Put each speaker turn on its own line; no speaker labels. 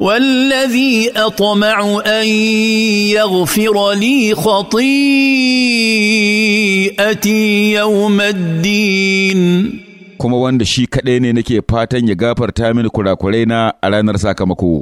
والذي اطمع ان يغفر لي خطيئتي يوم الدين
kuma wanda shi kaɗai ne nake fatan ya gafarta mini na a ranar sakamako